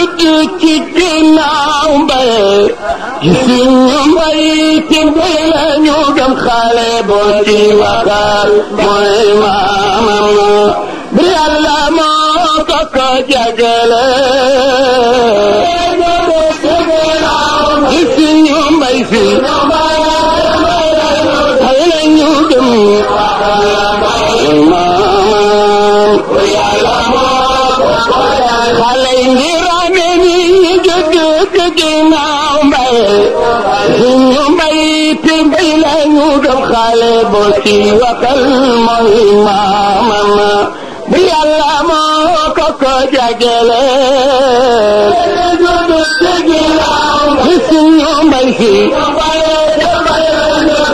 juddu ci ginnaaw mbay ci suñu mbay ci mbay la ñu gëm xale boo ci waxal mooy maamam bi yàlla moo ko ko jagale ci suñu mbay fi xale la ñu gëm கலைஞராமணி நாம்பை மை திரும்பிலும் காலை போசி வகல் மகிமாமம் பிரியல்லாமோ கொக்கோ ஜகலே சிங்கம் பைகி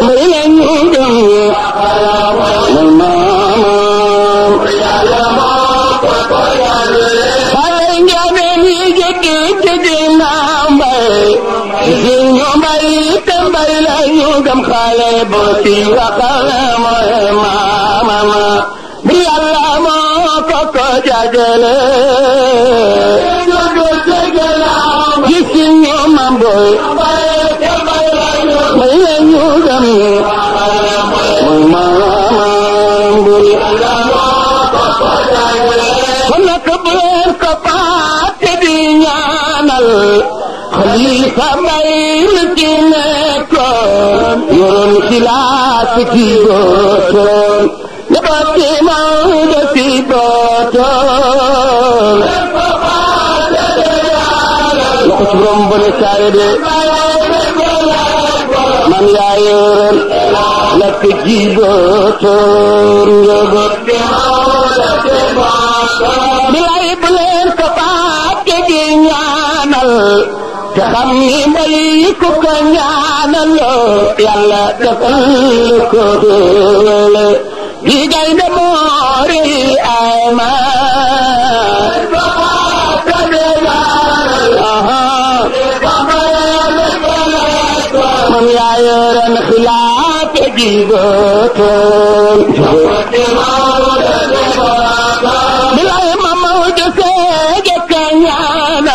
மிருகம் Mama. ñu gëm xale bu ci waxal mooy maamama bi yàlla moo ko ko jagale gis ñu mam boy may la ñu gëm mooy maamama bu yàlla moo ko ko jagale kon nag bu leen ko fàtte di ñaanal सम मिलास जी नच ब्रह्मचार्यारत जी लतल जी मोर आय मारे जी मौजान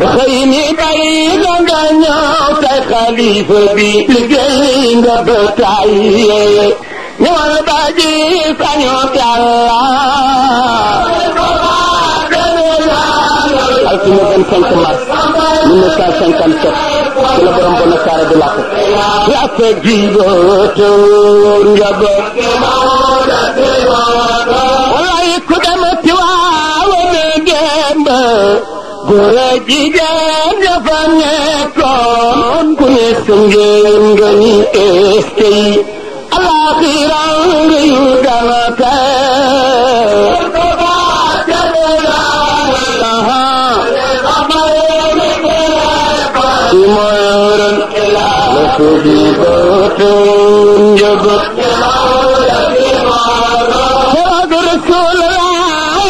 xëy ni bari nga nga ñëw tey xalifa bi liggéey nga ba tàyyee ñëwal ba gis añu yàlla altine 25 mars 1957 ci la borom bona saara di làkk yaa sa jiiboo te wóor nga ba कौ सुल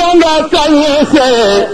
आयोगे से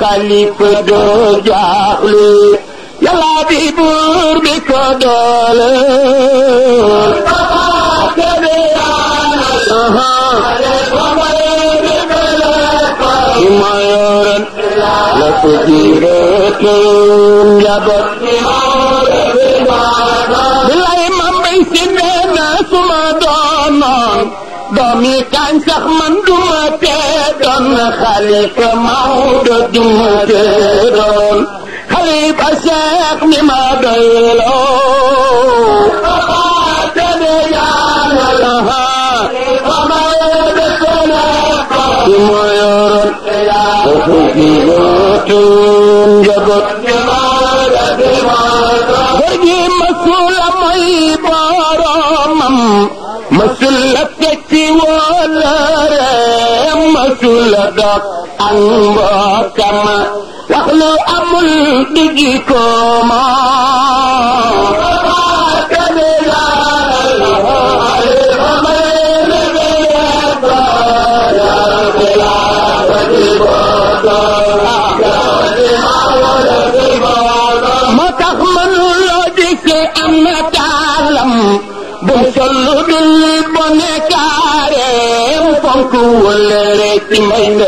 xalifa do jaxlu yalla di bur bi ko doole Mayoran la jabat Bila imam baisin dena sumadonon Domi kan sah न कार्य कमाऊद हली भेदलोगी रोती मुसूरम मुसूल ते की la dog ak mbokkam wax lu amul du jikkooma am na taalam bu mu sollu dul bu nekk الركوع ركمين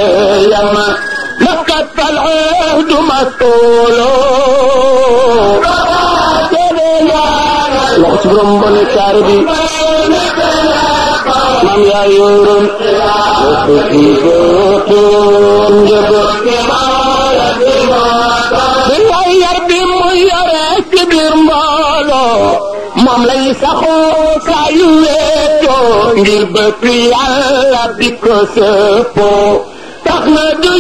يما لقد العهد مطول wax ci borom mbone caar bi mam yaa yoroon सहो आयु गिरो कखेल तखंदव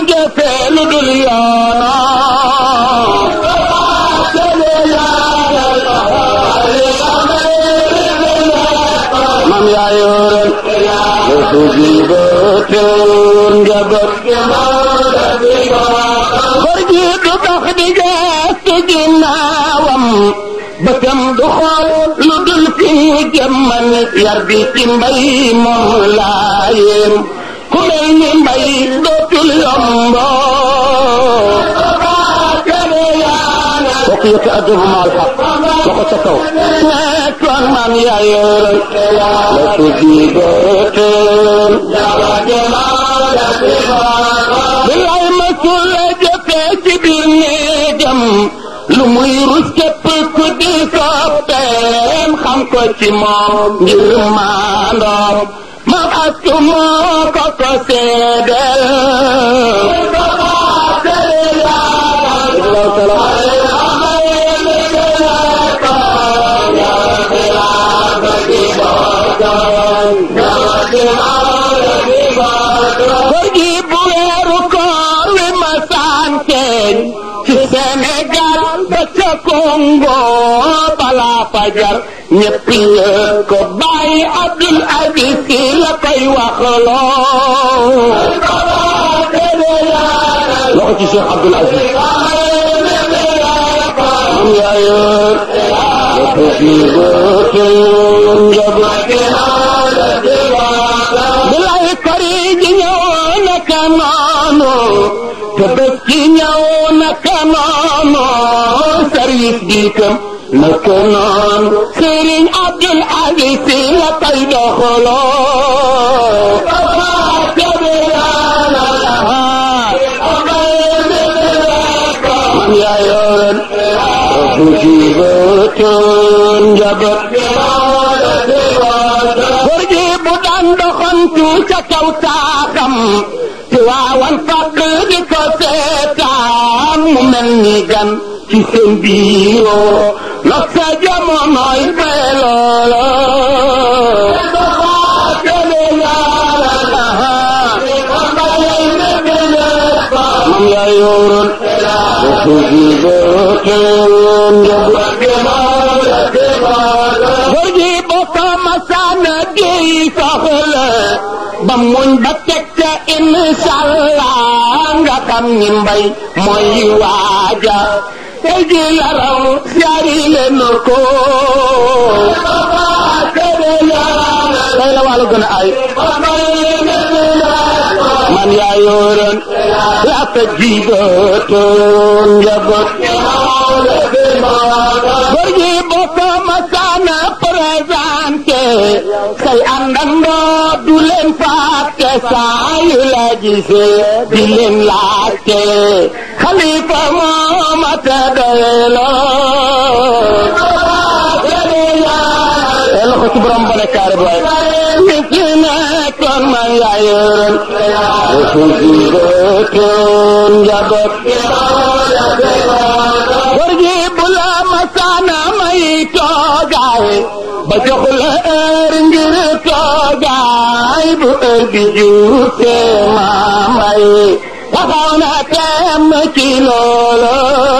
bëtam du xool lu dul fi jëmman yar bi ci mbay moom laa yéem ku mel ni mbay dootul yomboo kooku yëkk adduhu maal xaq waxo ca kaw nekkoon man yaayoon la su jiibootoon bilay masul la jëfee ci biir néegam lu muy rus képp ku ko ci moom ngir maandoom ma xaccu moo ko ko seedel góor gi bu weeru koor wi ma saan ci Sénégal ba ca Congo कमानो कीअो न कमानो शरी समान सेन अॻिली बुध बुज़ी पुटनि तूं चका चागिधीअ लक्ष्य मसी सहल बमु बचक inshallah nga xam ni mbay mooy waaja te ji yaram yaari leen nor ko tey la wàllu gën a ay man yaa yoroon yaa ko jiibatoon njaboot अंगंगा दुलेन पाप के साई लगी दुल्हन लाग के खलीफा मोहम्मद गलो खुशब्रम बने कौन जब बुला मसाना मई तो गाए बचल भावना टाइम किलो त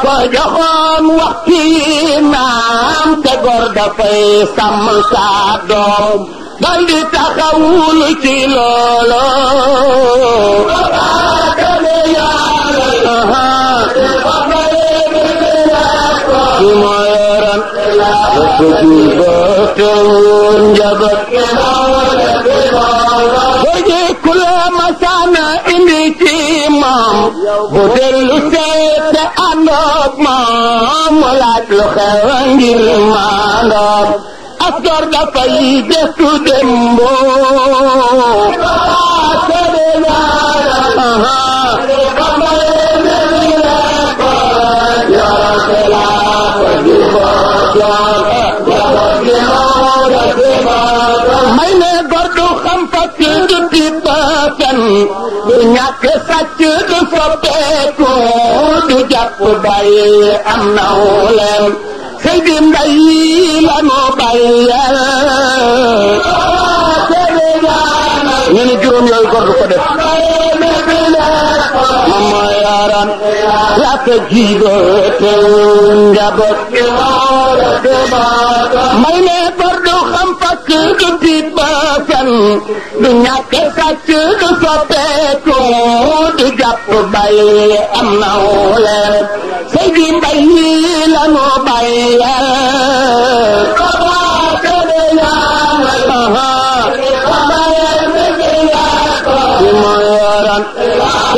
अखी नाम तरद पे समसा दऊल चिलो सिमर खसान इलाही आन मामिलील मान जेतू डबू मेटू सम्पति fen du ñàkk sàcc du soppeeku du jàpp bàyyi am naw leen sëy di mbay lanu bàyyal ñu ni juróom yooyu góor du ko def moom mooy yaaran laata jiiba te njaboot may ne ba du tiit ba fen du ñàkk sàcc du soppeeku du jàpp bay am nawle sëgi mbay yi lanu bayyal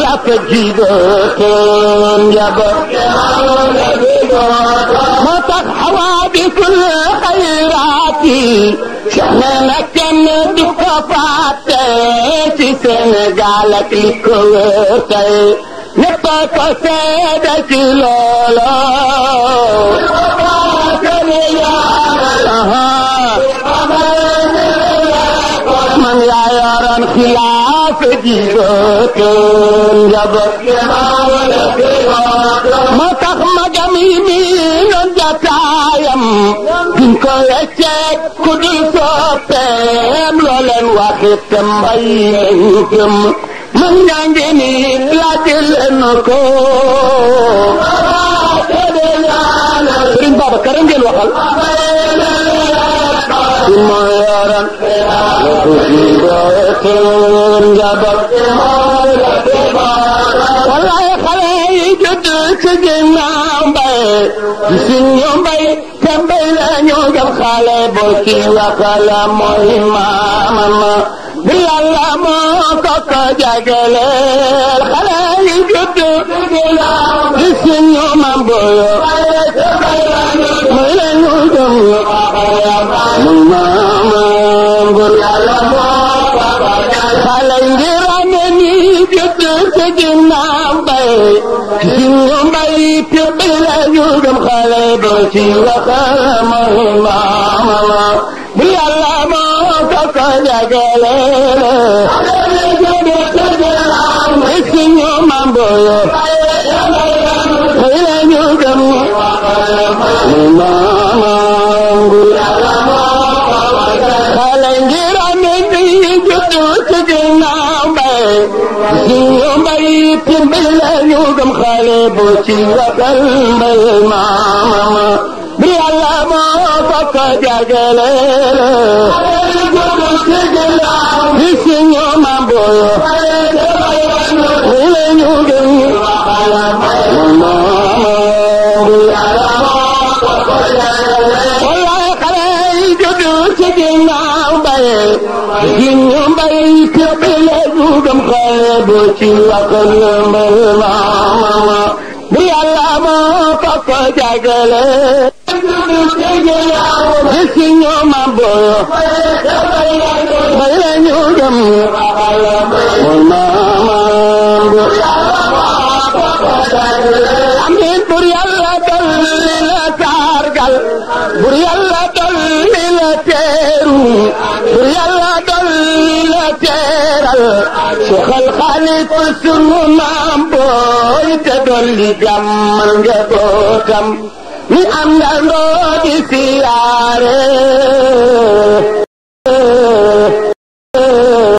yaa ko jiitootoon njaboot moo tax xawaabisul xayraati न कालक लिखो पसंदि मंगा किलास जीमी बीर जयम किखो एच कुझु भई नी लको करा भले भई भई Sambailanya jamkale boki wakala mohimama Bilalama kaka jagale Khalali jutu Isinyo mamboyo Mulanu jamu Mumama Bilalama Khalangirane ni jutu sejati Kisinya bayi pilbila yudam khalay Bersi wa khalamah ma'amala Bi Allah ma'ataka jagalele Kisinya mamboyo Kisinya mamboyo يتم بالأيوغم خالب وشيوة قلب المعمم بري الله ما فكا جاجل Isinya mamboyo, ile nyugenyi, mama mambi alama, wala képp la duggam xale boo ci waxal mbal maama bu yàlla moo fokk jagale si ñoom a boyo ba la ñu dem mooy maama bu amin bur yàlla dolli la sargal bur yàlla dolli la teeru bur yàlla teeral Seexal Xalifa sunu maam booy te dolli jàmmal njabootam ni àndandoo di siyaare